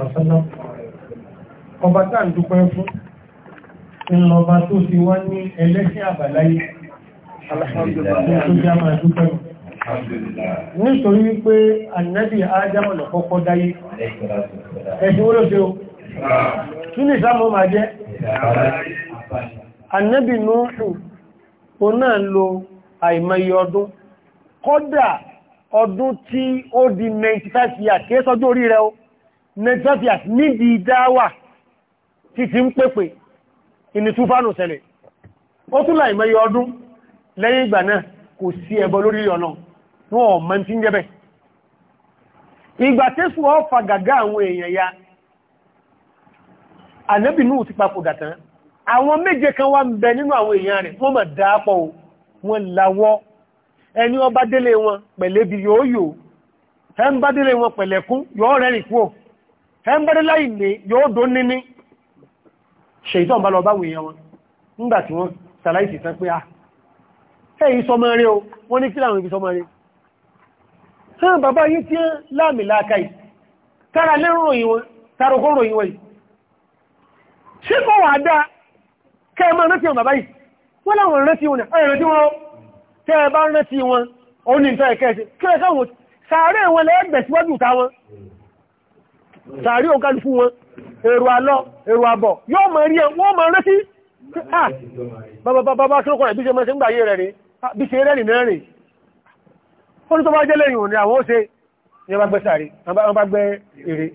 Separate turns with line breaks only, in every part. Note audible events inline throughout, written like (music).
àlàsánà ọba tá à ń dúpẹ́ fún ńlọba tó ti wá ní ẹlẹ́sìn àbáláyé tó já máa dúpẹ́ nítorí wípé ànábì ájámọ̀ lọ kọ́kọ́ dáyé ẹ̀sìn wó ló ṣe o kí ní ìsámọ́ máa jẹ́ ànábì núhù o náà lo àìmọye ọdún kọ́dà ọdún tí ó di 95 years kí é sọjú orí rẹ̀ o ninety years níbi dáwà títí ń pèpè ìní túfánù ṣẹlẹ̀ ó tún láì mẹ́yọ ọdún lẹ́yìn ìgbà náà kò sí ẹbọ lórí ọ̀nà wọn ò mọ́ tí ń jẹ́bẹ̀ ìgbà tẹ́sù ọ fa gàgá àwọn èèyàn ya ànẹ́bì náà ti papòdà tán àwọn méje kan wá ń bẹ nínú àwọn èèyàn rẹ̀ wọ́n mọ̀ dáápọ̀ wọn lawọ́ ẹni ó bá délé wọn pẹ̀lẹ́bí yóò yóò ẹ ń bá délé wọn pẹ̀lẹ́kún yóò rẹ̀rìn kúò ẹgbẹ́rẹ́ láì lè yóò dó níní ṣèyítọ́n bá lọ bá wèèyàn wọn nígbà tí wọ́n sàláìsì tán pé ah ẹ̀yí sọmọ rẹ̀ o wọ́n ní kí láwọn ibi sọmọ rẹ̀ hàn bàbá yí tí láàmì láàkàí tára léròyìn wọn tàrókóròyìn wọn ṣe kọ́ wà dá kẹ́ẹ̀mọ́ rántí wọn bàbá yìí wọ́n láwọn rántí wọn rántí wọn tẹ́ẹ̀ sàárì òkàlù fún wọn èrò alọ́ èrò àbọ̀ yóò mọ̀ rí wọ́n mọ̀ rẹ́ sí ah! bàbá tó kọ̀rẹ̀ bí ṣe mọ́ sí gbàyé rẹ̀ rí ah! bí ṣe rẹ̀ nìyàn rẹ̀ ó ní tó bá jẹ́ lẹ́yìn òní àwọn ó ṣe ní ọba gbẹ́ sàárì ọba gbẹ́ èrè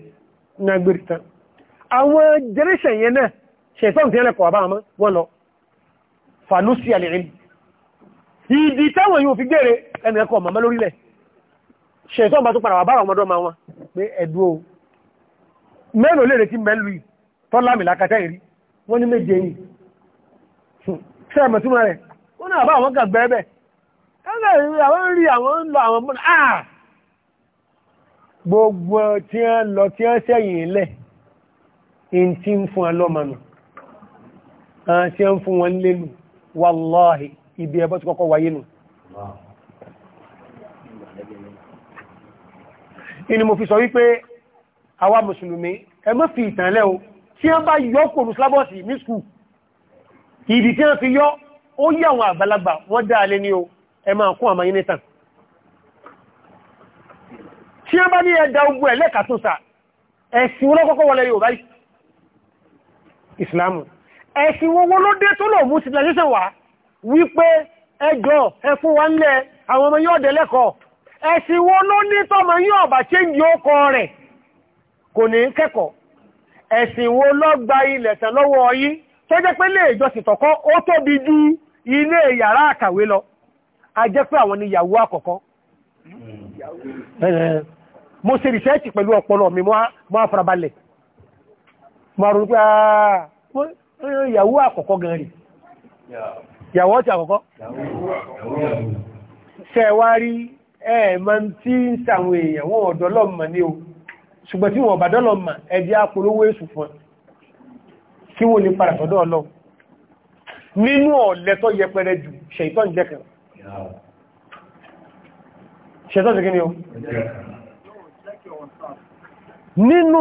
ní agbèrè tán àwọn jẹ́rẹ́ṣẹ̀ yẹn náà ṣe ìfẹ́ òǹtí ẹlẹ́kọ̀ọ́ bá wọn lọ fàlúsì àlẹ́rìn ìdí táwọn yóò fi gbére ẹnì ẹ̀kọ́ màmá lórílẹ̀ ṣe ìtọ́ mẹ́rin olèrè tí mẹ́lú tọ́lámì lákàtà ìrí wọ́n ní méje yìí sẹ́ẹ̀mẹ̀túnmọ̀ rẹ̀ wọ́n náà bá àwọn kan gbẹ́ẹ̀bẹ̀ àwọn rí àwọn ń lọ àwọn mọ́nà àà ah! gbogbo tí a a sẹ́yìn ilẹ̀ in ti ń fún alọ́mọ̀nà àti ń fún wọn lélù wàláhì ibi ẹbọ́ ti kọ́kọ́ wáyé nù inú mo fi sọ wípé àwa musulmi ẹ fi ìtànlẹ̀ o tí wọ́n bá yọ kòrò slábọ̀sì ní tí a fi yọ ó yí àwọn àgbàlagbà wọ́n dá alẹ́ ní o ẹ máa àmà yínítà tí wọ́n bá ní ẹ̀dà ogun ẹ̀lẹ́kà ẹ̀sìn wọ́n wọlé yóò báyìí ìsìlámù ẹ̀sìn wọ́n ló dé tó lọ kò ní kẹ́kọ̀ọ́ ẹ̀sìn wo ló gba ilẹ̀ tẹ̀ lọ́wọ́ yín tó jẹ́ pé lè ìjọsìn tọ̀kọ́ ó tóbi ju ilé yàrá àkàwé lọ a jẹ́ pé àwọn ni yàwó àkọ́kọ́ mo ṣe rìsẹ́ẹ̀tì pẹ̀lú ọpọlọ mi mo afarabalẹ̀ ṣẹ̀wárí ẹ̀ẹ̀mọ́ tí ń sàwọn èèyàn wọ́n ọ̀dọ́lọ́mọ̀ ní o ṣùgbọ́n tí wọ́n bá dọ́lọ̀ mà ẹjẹ́ apolówó èṣù fún kí wọ́n lè padà sọ́dọ̀ ọlọ́ nínú ọ̀lẹ́ tó yẹpẹrẹ jù ṣẹ̀tọ́n jẹ́kẹ̀ ṣẹ̀tọ́n jẹ́kẹ́ ni ó nínú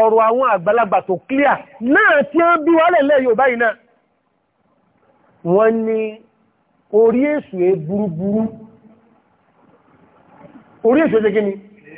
ọ̀rọ̀ àwọn àgbàlagbà tó clear náà tí ó bí wálẹ̀ lẹ́ yóò báyìí náà wọ́n ní orí èṣù é burúburú orí èṣù é jẹ́kẹ́ ni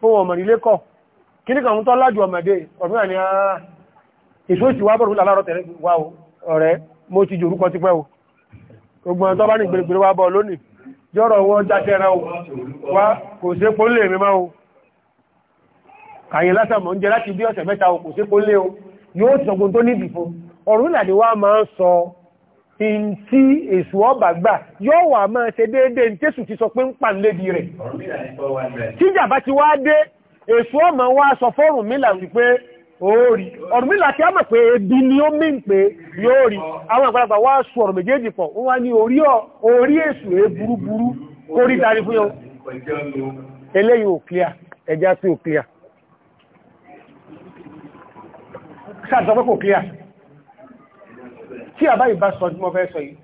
fún ọmọ ilé kọ́ kí ní kàwọn tó lájú ọmọdé ọ̀fíà ni ara ah, èso ìsì wá bọ̀rún lálárọ̀ tẹ̀lé wà ó ọ̀rẹ́ mo ti jòrúkọ ti pẹ́ o gbogbo ọ̀tọ́ bá ní gbèrègbèrè o wá kò sí epo lè mi máa o kàyìn lásà mọ̀ ń jẹ láti bí ọ̀sẹ̀ o kò sí epo o yóò sọ̀gbọ́n tó nídìí fún in tí èsù ọba gbà yóò wà máa ṣe déédé ní ti sọ pé ń pà lébi rẹ tíjà bá ti wá dé èsù ọmọ wá sọ fọ́rùn mílà wípé oórí mílà tí a mọ̀ pé ebi ni ó mí pé yóò rí àwọn àgbàlagbà wá sọ méjèèjì pọ̀ wọ́n ní orí èsù burúburú orí fún eléyìí ò clear ò clear sáà sọ pé kò clear tí àbá ìbá sọ tí mo fẹ́ sọ yìí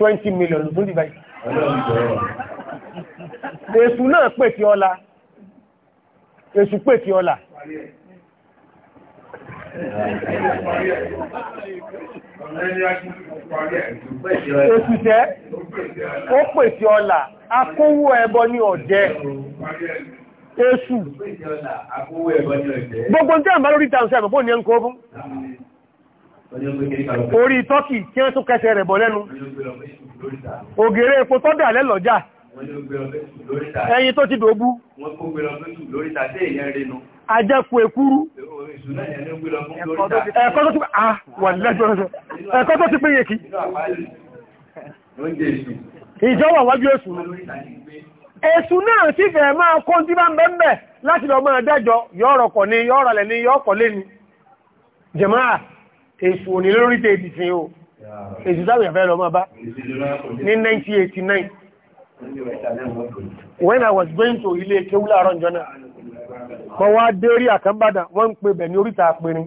20 million ló fún dìbà yìí èsù náà pè tí ọlá èsù pè tí ọlá èsù tẹ́ ó pè tí ọlá akówó ẹbọ ní ọ̀jẹ́
èsù gbogbo
tí àbá lórí tàùsẹ́ àbẹ̀bọ́ ní ẹnkọ́ fún orí tọ́kì tí wọ́n tún kẹsẹ̀ rẹ̀ bọ̀ lẹ́nu ògèrè epo tó dà lẹ́lọ́jà ẹyin tó ti dògbú ajẹ́kù èkúrú ẹ̀kọ́ tó ti péye kí ìjọwà wájú èsù èsù náà sí fẹ̀ẹ́ máa kó tí bá ń bẹ́ẹ̀ láti lọ máa dájọ yọ́ọ̀rọ̀kọ̀ ni ni yọ́ọ̀kọ̀ lé ni èṣù òní lórí tẹ́ ìdìsìn o èṣù sáwẹ̀ fẹ́ lọ máa bá ní 1989 when I was going to ilé kéwú láàárọ̀ ìjọ náà mọ́ wá dé orí àkánbàdà wọ́n ń pè bẹ̀ ní oríta àpẹrin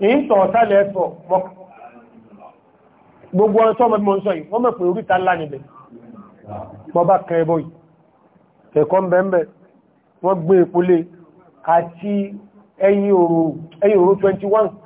ìyìn tọ̀ sálẹ̀ ẹ̀fọ́ gbogbo ọ̀rọ̀ tọ́mọ̀ mọ́ sọ yìí wọ́n mọ̀ pé oríta ńlá níbẹ̀ mọ́ bá kẹ ẹbọ yìí ẹ̀kọ́ mbẹ̀mbẹ̀ wọ́n gbé ìpolé e. àti ẹ̀yìn òru 21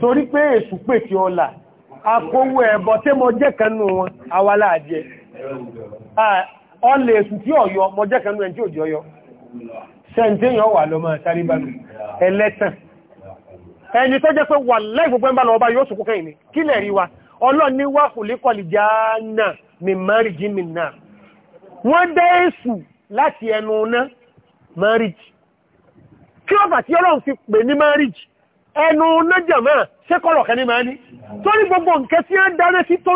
torí pé èsù pè tí ọlá akówó ẹ̀bọ tí mọ jẹ́ kanú wọn awálà ọlẹ̀ èsù tí ọ̀yọ mọ jẹ́ kanú ẹ̀ tí ò jẹ́ ọyọ sẹ́ntẹ́yàn lọ máa sáré bá ẹlẹ́tàn ẹni tó jẹ́ pé wà láì gbogbo yóò kí ọ̀fà tí ọlọ́run fi pè ní ẹnu nájàmá ṣékọ̀lọ̀kẹ́ ní máa ní tó ní gbogbo nǹkẹ́ tí ó dáná sí tó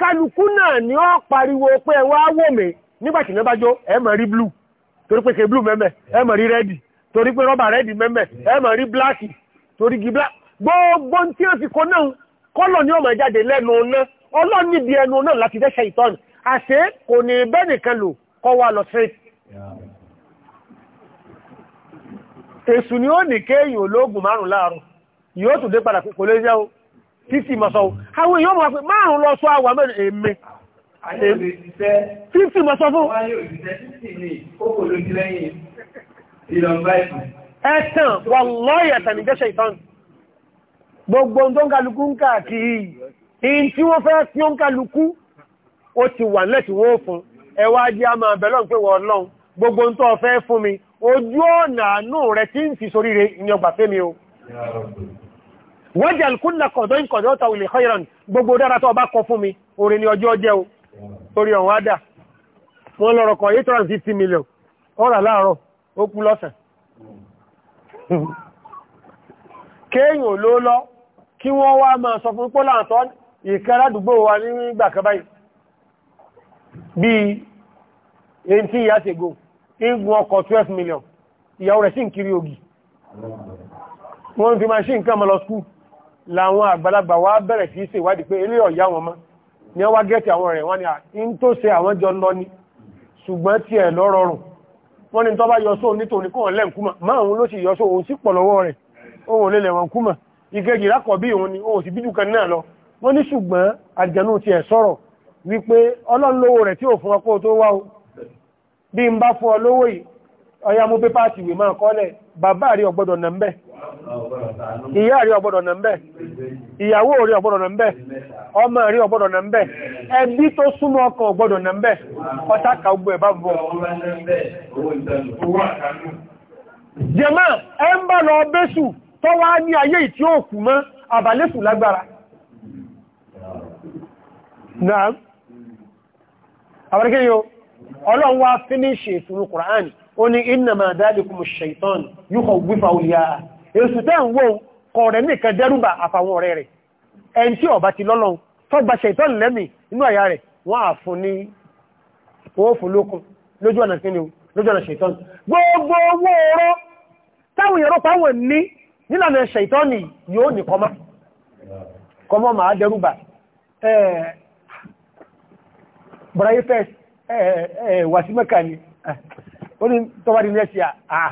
kálukú náà ni ó pariwo pé wá wò nígbàtí náà bá jó rí blue torí pé blue mẹ́mẹ́ ẹ rí rẹ́dì torí pé rọ́bà gbogbo tí náà kọ́lọ̀ ni jáde lẹ́nu náà èsù ni ó ní kéèyàn ológun márùn láàrùn yóò tún dé padà kò lè jẹ́ o títí mọ̀sọ́ o àwọn èèyàn mọ̀ pé márùn lọ sọ àwọn mẹ́rin èmi títí mọ̀sọ́ fún ẹ̀tàn wàlọ́yì ẹ̀tàn ìjẹ́ṣẹ́ ìtàn gbogbo tó ń kálukú ń káàkiri in tí wọ́n fẹ́ tí ó ń kálukú ó ti wà lẹ́tí wọ́n fún ẹwà ajé a máa bẹ̀lọ́n pé wọ́n lọ́n gbogbo tó fẹ́ fún mi ojú ọ̀nà àánú rẹ̀ tí ń fi sórí rẹ̀ ní ọgbà fẹ́mi o wọ́jẹ̀ alkúnnà kọ̀dọ́ ìkọ̀dọ́ ọ̀tọ̀ ilẹ̀ khairan gbogbo dára tó bá kọ fún mi orin ni ọjọ́ jẹ́ o torí ọ̀wọ́n ádá wọ́n lọ́rọ̀ kan 850 million ọ̀rà láàárọ̀ ó kú lọ́sàn wa nígbà kan báyìí bí 18 years igun ọkọ̀ 12 million ìyàwó rẹ̀ sí ń kiri ògì wọ́n fi máa ṣe nǹkan mọ́ lọ skú láwọn àgbàlagbà wá bẹ̀rẹ̀ sí ṣe ìwádìí pé ilé ọ̀yá wọn mọ́ ni wá gẹ́ẹ̀tì àwọn rẹ̀ wọ́n ni à ń tó ṣe àwọn jọ lọ ní ṣùgbọ́n tí ẹ̀ lọ́rọrùn wọ́n ni tọ́ bá yọsó nítorí kọ́ lẹ́ǹkúmà márùn ló sì yọsó òun sí pọ̀lọ́wọ́ rẹ̀ ohun lè lẹ̀wọ̀n kúmà ìkejì lákọ̀ òun ni òun sì bíjú kan náà lọ wọ́n ní ṣùgbọ́n àjẹnú ti ẹ̀ sọ̀rọ̀ wípé ọlọ́run rẹ̀ tí ò fún ọkọ̀ tó wá o bí n bá fún ọ yìí ọya mú pépà àti ìwé máa kọ́lẹ̀ bàbá rí ọgbọ́dọ̀ nà ń ìyá rí ọgbọ́dọ̀ nà ń ọgbọdọ ìyàwó rí ọgbọ́dọ̀ nà ọmọ rí ọgbọ́dọ̀ nà ń ẹbí tó súnmọ́ ọkọ ọgbọ́dọ̀ nà ń ọtaka ọtáka ogbó ọlọ́run wá fíníṣì ìsinmi kùránì ó ní innama dhalikum shaitan yíkọ̀ gbífà olíyà èsù tẹ́ ń wó kọ̀ọ̀rẹ́ nìkan dẹ́rùbà àfàwọn ọ̀rẹ́ rẹ̀ ẹn tí ọba ti lọ́lọ́run tó gba shaitan lẹ́mì inú àyà rẹ̀ wọ́n á fún ní owó fún lókun lójú ọ̀nà kíni lójú ọ̀nà shaitan gbogbo owó ọ̀rọ̀ táwọn èèyàn rọ́pá wọn ní nílànà shaitan yóò ní kọmọ́ kọmọ́ máa dẹ́rùbà ẹ̀ẹ́ bọ̀ráyé fẹ́ẹ̀sì wà sí mẹ́kà ni ó ní tọ́wà ní lẹ́sí à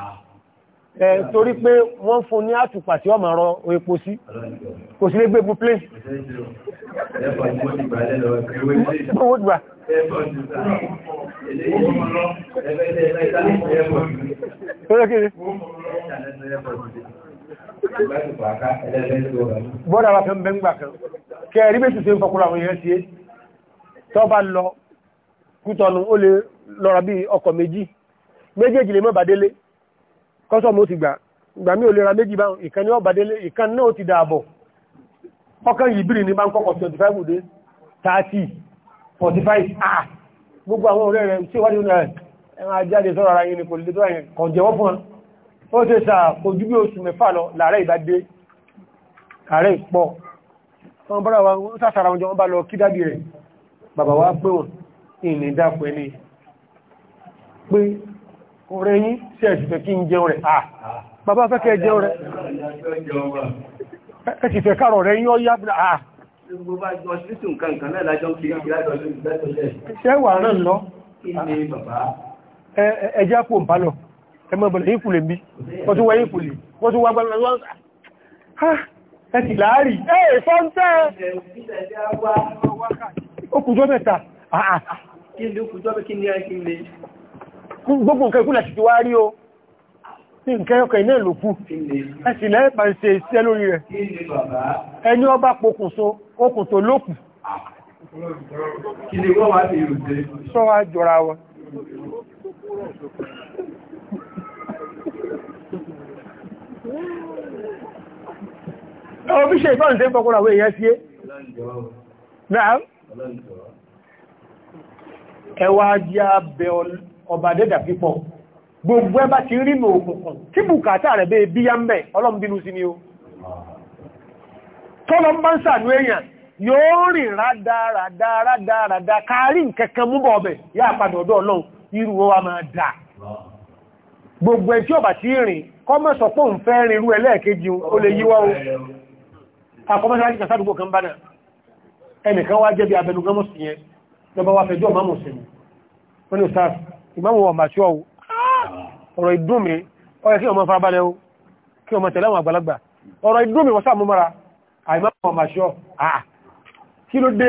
torí pé wọ́n fún ní àtùpà tí ọmọ ọ̀rọ̀ epo sí kò sí lé gbé epo plé bọ́dà wà fẹ́ mẹ́gbà kan kẹ́ẹ̀rí bẹ́sì sí ń fọkúrò àwọn èèyàn tọ́ bá lọ kútọ̀nù ó lè lọ́ra bí ọkọ̀ méjì méjèèjì lè mọ́ bàdélé kọ́sọ̀mù ó ti gbà gbà mí ò lè ra méjì báhùn ìkan ní ọ bàdélé ìkan náà ti dààbọ̀ ọkàn yìí bìrì ní bá ń kọ́kọ̀ 25 dé 30 45 ah gbogbo àwọn ọ̀rẹ́ rẹ̀ tí wádìí rẹ̀ ẹran ajáde ni kò lè tó àyìn kàn jẹ́wọ́ fún ọ ó ṣe sà kò jú bí oṣù mẹ́fà lọ làárẹ̀ ìbádé àárẹ̀ ìpọ̀ wọn bára wa ìní dápẹ́ ní pé ọ̀rẹ́ yín sí ẹ̀ṣìfẹ́ kí ń jẹun rẹ̀ à bàbá fẹ́ kẹ́ jẹun rẹ̀ ẹ̀ṣìfẹ́ kàrọ̀ rẹ̀ yín ọya à ṣẹ́wà rán lọ ẹjá pò ń bá lọ ẹmọ ìbọ̀lẹ̀ yín kùlẹ̀ bí wọ́n tún wá yín kùlẹ̀ wọ́n tún wá gbára kí ló kù jọ́bẹ̀ kí ní àìkí lè gbogbo nǹkan ikú láti ti wá rí o tí nǹkan ọkọ̀ iná ló kú ẹ̀sì lẹ́ẹ̀pà ń ṣe iṣẹ́ lórí rẹ̀ ẹni ọba pokùnso okùn tó lókù sọ́wá jọra wọn ọ̀rọ̀ bí ṣe ìtọ́ ìṣẹ́ ìfọkúnra wé ìyẹ́ sí é náà ẹwà jẹ́ abẹ ọba dẹ́dà pípọ̀ gbogbo ẹbá ti rí mọ̀ òkùnkùn tí bùkátà rẹ̀ bẹ́ bí yá ń bẹ̀ ọlọ́mbínú sí ni ó tọ́lọ ń bá ń sàánú èèyàn yóò rìn rádáradáradáradá kárí nkẹ̀kẹ́ múbọ̀ ọbẹ̀ yá àpadà ọ̀dọ̀ ọlọ́run irú wa máa dà gbogbo ẹ̀ tí ọba bá wá jẹ́bi abẹnugan máa mọ̀ sí mi wọ́n ni sáàf ìmáwọn ọmọ àṣọ ọ̀rọ̀ ìdúnmi ọ̀rẹ́ kí ọmọ farabalẹ̀ o kí ọmọ tẹ̀lé àwọn àgbàlagbà ọ̀rọ̀ ìdúnmi wọ́n sáà mú mara àìmáwọn ọmọ àṣọ kí ló dé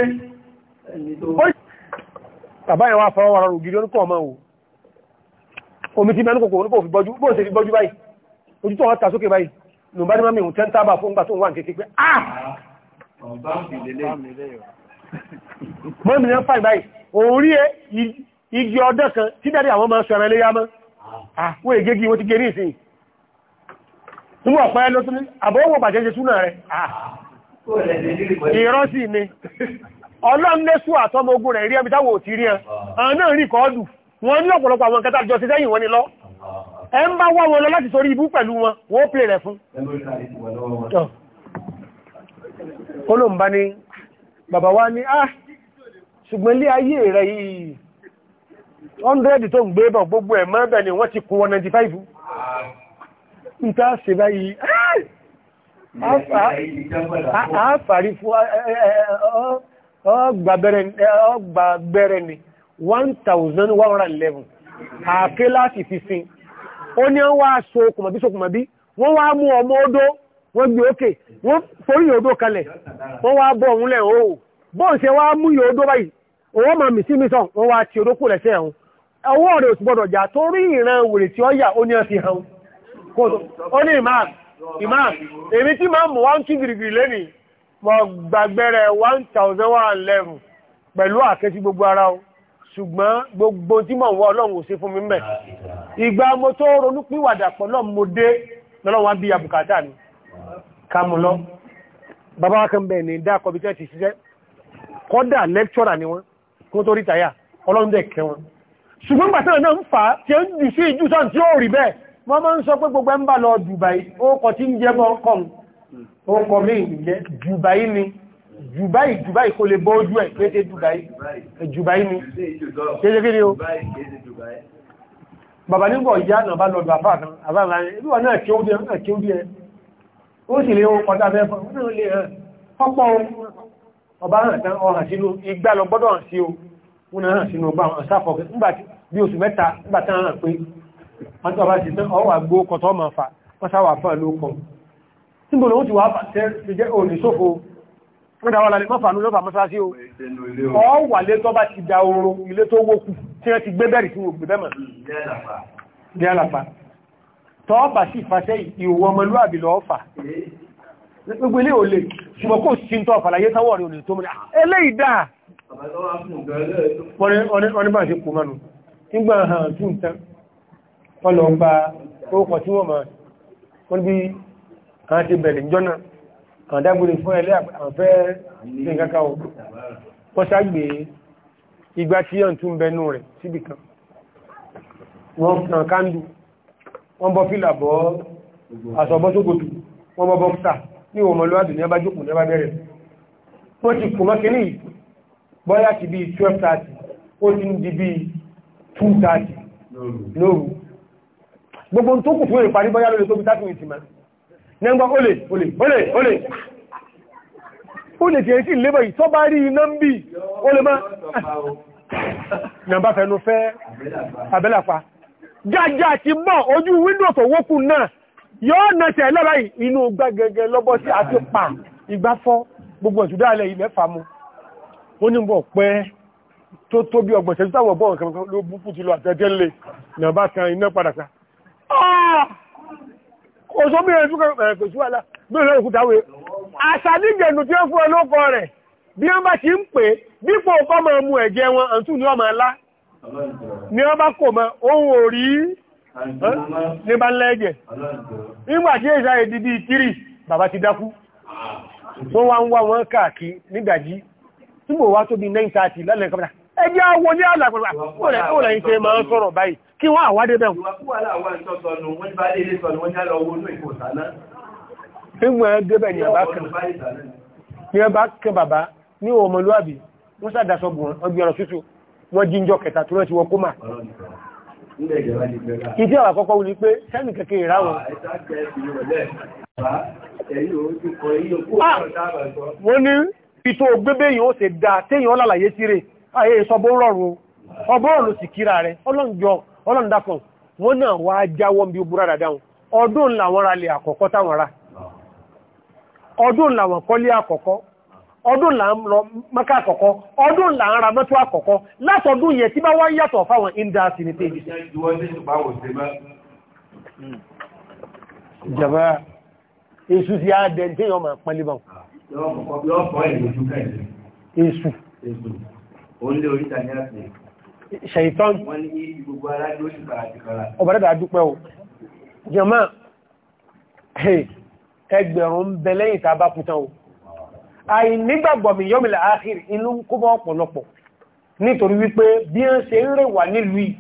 bàbá yẹn wá fọwọ́ wà rọrùn gidi oníkọ̀ ọmọ o omi ti mẹ́nu kòkò oníkò fi bọ́jú bóò ṣe fi bọ́jú báyìí ojú tó wọ́n ta sókè báyìí lò bá ní mọ́mí ìhùn tẹ́ntàbà fún gbà tó wà ní kékeré pé ah mọ́mí ni wọ́n fà báyìí orí ẹ igi ọdọ́ kan tí dárí àwọn máa sọ̀rọ̀ ilé yámọ́ wọ́n ègégi wọ́n ti gẹ̀rí ìsìn fún ọ̀pá ẹ lọ́tún àbọ̀wọ̀ bàjẹ́ ṣe súnà rẹ̀ ah, ìrọ́sì ni ọlọ́mlẹ́sù àtọmọ ogun rẹ̀ rí ẹbí táwọn òtí rí ẹn náà rí kọ́ọ̀dù wọ́n ní ọ̀pọ̀lọpọ̀ àwọn kẹta jọ ti sẹ́yìn wọn ni lọ ẹ ń bá wá wọn lọ láti sórí ibú pẹ̀lú wọn wọ́n pè rẹ̀ fún olóǹbá ni bàbá wa ni ah ṣùgbọ́n ilé ayé rẹ̀ yìí 100 tó ń gbé bọ̀ gbogbo ẹ̀ mọ́ bẹ̀ ni wọ́n ti kún 195 ìta ṣe báyìí àáfàrí fún ọgbàgbẹ̀rẹ̀ ni 1111 àké láti fi sin ó ní wọ́n wá so kùmọ̀bí so kùmọ̀bí wọ́n wá mú ọmọ odó wọ́n gbé òkè wọ́n forí odó kalẹ̀ wọ́n wá bọ́ òun lẹ̀ oó bọ́n ṣe wá mú yóò odó báyìí òun ma mìsí mi sàn wọ́n wá ti orókù rẹ̀ sẹ́hun ọwọ́ rẹ̀ ò sì gbọ́dọ̀ jà torí ìran wèrè tí ó yà ó ní ọ̀sìn hàn ó ní imam imam èmi tí máa mú wá ń kí gìrìgìrì lẹ́nì mọ̀ gbàgbẹ́rẹ̀ 1111 pẹ̀lú àkẹ́sí gbogbo ara o ṣùgbọ́n gbogbo tí mọ̀ wọ́ ọlọ́run ò ṣe fún mi mẹ́ ìgbà mo tó ronú pìwàdà pọ̀ náà mo dé lọ́lọ́run wá bí abùkátà ni kàmù lọ bàbá kan bẹ̀ ní dákọ̀bí tẹ́ ti ṣiṣẹ́ kọ́dà lẹ́kṣọ́rà ni wọ́n kó tó rí tàyà ọlọ́ndẹ̀ kẹwọn ṣùgbọ́n gbàtẹ́rẹ̀ náà ń fà á tí ó ń dì sí ìjú sáà tí ó rí bẹ́ẹ̀ wọ́n máa ń sọ pé gbogbo ẹmbà lọ Dubai ókọ̀ tí ń jẹ́ bọ́ kọm ókọ̀ mí ìjẹ́ Dubai ni Dubai Dubai kò lè bóójú ẹ̀ pé Dubai Dubai ni kéje kí ni ó bàbá nígbọ̀ ìyá náà bá lọ́dọ̀ àfáà ọba hàn tán ọ̀hàn sínú igbá lọ gbọ́dọ̀ hàn sí o wọ́n hàn sínú ọgbà hàn sáfọ̀ bí oṣù mẹ́ta nígbà tán hàn pé wọ́n tó bá ti tán ọwà gbó kọtọ́ ọmọ fà wọ́n sáwà fún ẹ̀ lóòkọ́ síbò lóòtù wà fàṣẹ́ ti jẹ́ òní sófo wọ́n dáwọ́ lálẹ́ mọ́fà ní lọ́fà mọ́sáṣí o ọwà lé tọ́ bá ti da oró ilé tó wó kù tí wọ́n ti gbé bẹ̀rẹ̀ sí gbé bẹ́mọ̀ jẹ́ àlàpà tọ́ bà sí fàṣẹ́ ìwọ ọmọlúàbí lọ́ọ̀fà gbogbo ilé ò lè ṣùgbọ́n kò sí tọ́ ọ̀fàlàyé sáwọ́ rẹ̀ olè tó mọ́ eléìdá ọ̀nà bá ṣe kò mánu nígbà hàn tún tán wọ́n lọ bá orúkọ tí wọ́n máa wọ́n bí àwọn ti bẹ̀rẹ̀ jọ́nà àdágbèrè fún ẹlẹ́ àfẹ́ nìkankan wọ́n ságbé igbá tí kàn kándù wọ́n bọ́ fìlà bọ́ àṣọ bọ́ bọ́ bọ́ksà ní ọmọlúwàdù ní ọba jókòó ní bẹ̀rẹ̀ ó ti kò mọ́ kìíní bọ́yá ti bí 12:30 ó ti ń di bí 2:30 lóru gbogbo tó kù fún ìparí bọ́yá lórí tó bí tátù ìtìmá nígbà olè olè olè olè ó lè jẹ́ sí lébọ̀ yìí tó bá rí iná ń bí ó lè má nàbá fẹnu fẹ́ abẹ́làpá jájá ti mọ́ ojú wíńdò tó wókù náà yóò nẹ̀ṣẹ̀ lọ́rọ̀ inú gbẹ́gẹ́gẹ́ lọ́bọ́ sí àti pa ìgbáfọ́ gbogbo ìtúdálẹ̀ ilẹ̀ famu ó ní bọ̀ pẹ́ tó tó bí ọgbọ̀n ṣẹ́jú táwọn bọ́ọ̀ nǹkan ló búkú ti lọ àtẹ́jẹ́ lè nà bá kan iná padà ká ọ̀sọ́ bí ẹ̀rẹ́ túnkọ̀ fún ti ń pè ni wọ́n kò mọ ohun òrí ní bá lẹ́ẹ̀jẹ̀ nígbàtí èsà ìdìdí ìkiri bàbá ti dákú tó wá ń wá wọn káàkì nígbàjí tí mò wá tó bí 9:30 lálẹ́ kọmọdá ẹjẹ́ awọ ní alàpọ̀lá ó lẹ́yìn tẹ́ máa ń sọ̀rọ̀ báyìí kí wọ́n àwádé bẹ̀rún wọ́n jíjọ kẹta tó rẹ̀ ti wọ́n kó máa Ìdí àwọn àkọ́kọ́ wù ah, ah! ní pé sẹ́mì kẹ́kẹ́ ìráwọ̀. Wọ́n ní ìtò ògbébé yìí ó ṣe dá téyìn ọlàlàyé sí rẹ̀, ayé ah, ìsọbó rọrùn ọbọ̀rọ̀ sì kíra rẹ̀, ó búrá dáadáa. ọdún là ń lọ maka àkọ́kọ́ ọdún là ń ra mọ́tò àkọ́kọ́ látọdún yẹn tí bá wá ń yàtọ̀ fáwọn indasi ní pé jàbá èsù sí àádẹ́ tí yọ máa pẹ́lú bá èsù ṣẹ̀ìtọ́n ọbàdàdà àdúpẹ́ o jàmá ẹgbẹ̀rún bẹ̀lẹ́yìn tàbá kútán o àìnígbàgbọ́ mi yọ́mìlà áhìrì inú ń kó bá ọ̀pọ̀lọpọ̀ nítorí wípé bí ó ṣe ń rè wá nílùú yìí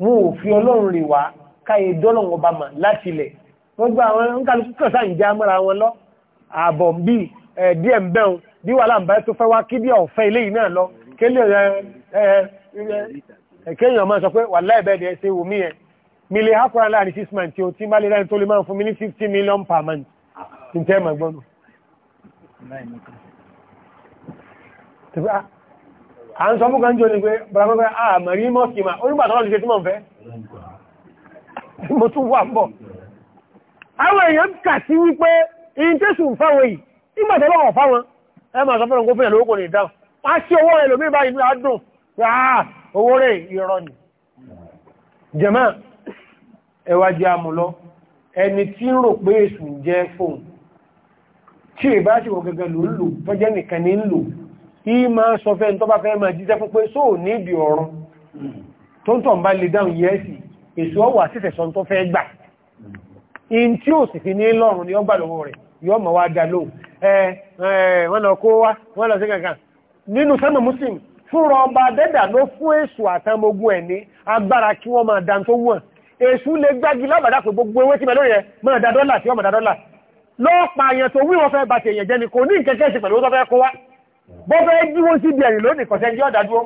wọn ò fi ọlọ́run rè wá káyé dọ́lọ́run ọba mà láti ilẹ̀ wọ́n gba àwọn oníkàlùkù kàn sáà ń já mọ́ra wọn lọ ààbọ̀ ń bí díẹ̀ ń bẹ́hùn bí wàhálà ń bá tó fẹ́ ní fifty million per month ní tẹ́ tìbí à ń sọ mú kan jò ní pé bàbá àmàrí mọ́sí ma onígbàtọ́lọ́ ti ṣe tí mọ̀ fẹ́ mo tún wà ń bọ̀ àwọn èèyàn kà sí wípé in tẹ́sù fáwọn yìí nígbàtọ́lọ́ fáwọn ẹ máa sọ fẹ́ràn gómìnà lówó kò ní dáhùn wá sí owó rẹ̀ lómi báyìí ládùn yáà owó rẹ̀ ìrọ̀ ni jẹ́mọ́ ẹwà jẹ́ amúlọ ẹni tí ń rò tí è bá ṣèwọ̀ gẹ́gẹ́ ló ń lò tó jẹ́ nìkan ní ń lò tí ma sọ fẹ́ tó bá fẹ́ ma jíjẹ́ fún pé sóò ní ìdí ọ̀run tó ń tọ̀ bá lè dáhùn yẹ́sì èso ọwà sí tẹ̀sán tó fẹ́ gbà in ni ó gbà lọ́wọ́ rẹ̀ yọ́ mọ̀ wá dá lóhùn ẹ ẹ wọ́n lọ kó wá wọ́n lọ sí kankan nínú sánà muslim fúnra ọba lè gbági lábàdá pé gbogbo ewé tí mẹ́lórí ẹ máa da dọ́là tí wọ́n dọ́là lọ́ọ́ pa àyàn tó wí wọ́n fẹ́ bàtì èèyàn jẹ́ ni kò ní ìkẹ́kẹ́ ṣe pẹ̀lú tó fẹ́ kó wá bó fẹ́ jíwó sí ibi ẹ̀rìn lónìí kọ̀ṣẹ́ jẹ́ ọ̀dádúró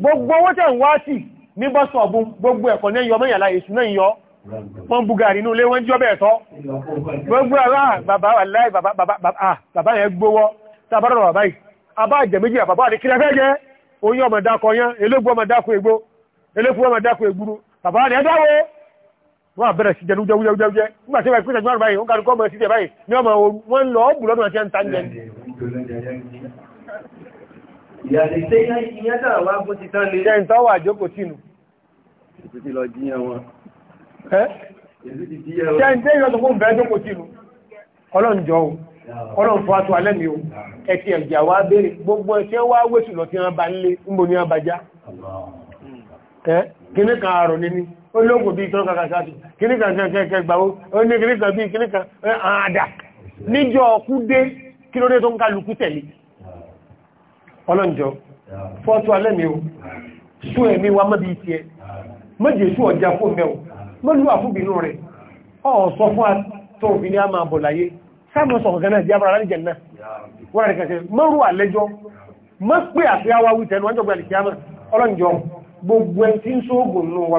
gbogbo owó tẹ̀ ń wá sí ní bọ́sùn ọ̀bùn gbogbo ẹ̀kọ́ ní yọ mẹ́yànlá èṣù náà yọ wọ́n búgàrí inú ilé wọ́n jọ́ bẹ̀ẹ̀ tọ́ gbogbo ara bàbá wà láì ah, bàbá yẹn gbówọ́ tàbárọ̀ bàbá yìí abá ìjẹ̀ méjì bàbá àti kílẹ̀ fẹ́ jẹ́ wọ́n àbẹ̀rẹ̀ sí jẹnu jẹ́wújẹ́wújẹ́ nígbà tí wọ́n pèsè jùmọ̀ báyìí wọ́n kàrí kọ́ mọ̀ sí jẹ báyìí ní ọmọ ooru wọ́n lọ ọ́ bùlọ́nù àti ẹ̀ǹtà jẹ. ìyàtọ̀ wà jókòó tìǹù. ṣẹ́ǹtẹ́ ìrọ̀tọ̀ fún bẹ́ẹ̀ jókòó tìǹù ọlọ́run jọ o ọlọ́run fún aṣọ alẹ́ mi o ẹ̀tì ẹ̀jà wá béèrè gbogbo ẹ̀ṣẹ́ wá wéṣù lọ tí wọ́n bá ń lé ń bo ní abajá kìnnìkan àrùn ní ní olóògùn bíi tọ́ka kàkàtù kìníkà kẹ́kẹ́ gbàwó ó ní kìníkà bíi kìníkà àádà níjọ ọkú dé kí lóde tó ń kálukú tẹ̀lé ọlọ́njọ́ fọ́tú alẹ́ mi o sún ẹ̀mí wa mọ́bí ti ẹ méje sún ọjà fún mẹ́ o mọ́lúwà fún bínú rẹ̀ ọ̀ sọ fún àtọ́bìnrin ní a máa bọ̀ láyé sáàmù sọ̀rọ̀ gánà di abúrà láríjẹ̀ náà wọ́n gbogbo ẹ̀ tí ń sóògùn nù wà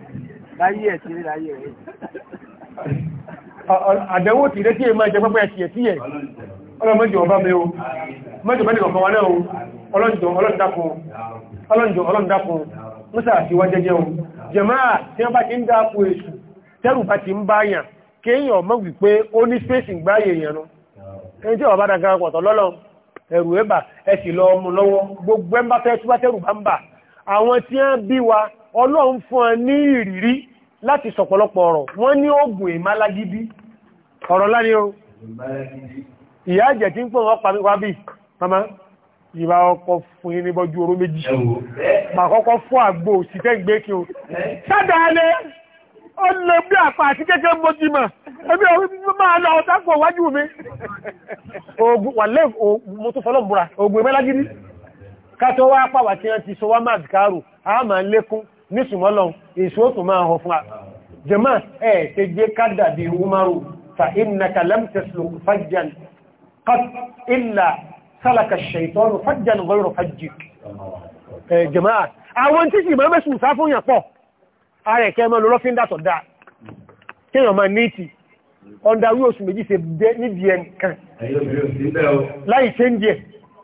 láyé ẹ̀ ti rí láyé rẹ̀. àdẹ̀wò ti rẹ́ tí èmọ́ ìjẹ pẹ́pẹ́ ẹ̀tì ẹ̀tì ẹ̀ ọlọ́mọdé ọba mi o mọ́jọ mẹ́rin ọ̀kan wọn náà o ọlọ́njọ ọlọ́ndàkùn ọlọ́njọ ọlọ́ndàkùn mọ́sà àti wá jẹ́jẹ́ o jẹ̀máà tí wọ́n bá ti ń dáàpù èṣù tẹ́rù bá ti ń báyàn kéèyàn ọmọ wípé ó ní spacing gbáyé èèyàn nu ẹni tí ọba dàgbà pọ̀tọ̀ lọ́lọ́ ẹ̀rù ẹ̀bà ẹ̀sì lọ ọmọ lọ́wọ́ gbogbo ẹ̀ ń bá fẹ́ tí wá tẹ́rù bá ń bà àwọn tí wọ́n bí wa ọlọ́run fún ọ ní ìrírí láti sọ̀pọ̀lọpọ̀ ọ̀rọ̀ wọ́n ní oògùn ìmálágídí ọ̀rọ̀ láni o ìyá jẹ̀ tí ń pọ̀ wọ́n pàmíwá bí mama ìbá ọkọ̀ fún yín oró méjì ma fún àgbò òsìtẹ́ ìgbé kí o sádà alẹ́ ó lè bí àpá àti kékeré mojí mà ẹbí máa lọ ọ̀tá pọ̀ wájú mi (laughs) wà lẹ́ mo tó fọlọ́ kátó wá pàwà tí wọ́n ti sọ wá máa zikaru a máa lékún ní sùmọ́lọ èso tó máa hàn fún a jẹmọ́ ẹ̀ tẹ jẹ́ kádà bí umaru fa inna kalam teslo fajjan qat illa salaka shaitan fajjan ghayru fajjik jẹmọ́ àwọn tí sì máa mẹ́sùn sáfún yàn pọ̀ ààrẹ kẹ́mọ́ lọ́fín dàtọ̀ dáa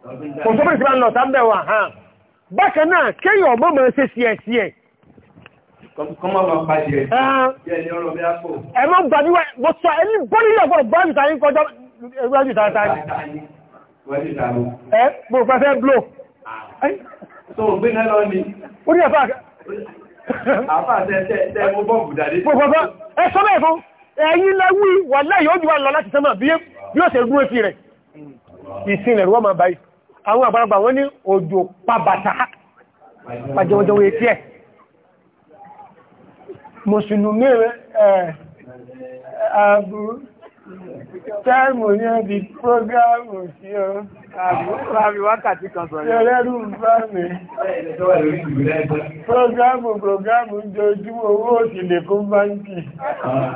kò sóbìrì tí wọ́n lọ sábẹ̀ wà hàn bákan náà kéèyàn ọmọ mọ̀ ṣe sí ẹ̀ sí ẹ̀ ẹ má gbà ní wọ́n sọ ẹni bọ́lí ọ̀pọ̀ bọ́ọ̀lù tàbí kọjọ́ ẹgbẹ́jù tàbí ẹ mo fẹ́ fẹ́ bló ah. ó ní ẹ̀fà ẹ sọ bẹ́ẹ̀ fún ẹ̀yìn lẹ́wí wà láyé ó jù wà lọ láti sẹ́mà bí ó ṣe gún èsì rẹ̀ hmm. ìsìn rẹ̀ wọ́n ma báyìí àwọn àgbàlagbà wọ́n ní òjò pàbàtà pàjọwọjọwọ etí ẹ̀ mùsùlùmí àbúrú táìmù ní ẹbí prógámù sí ọ àbúrú wákàtí kan sọ̀rọ̀ ẹlẹ́rù bá mi prógámù prógámù jọjú owó òsìlẹ̀kún báńkì ah.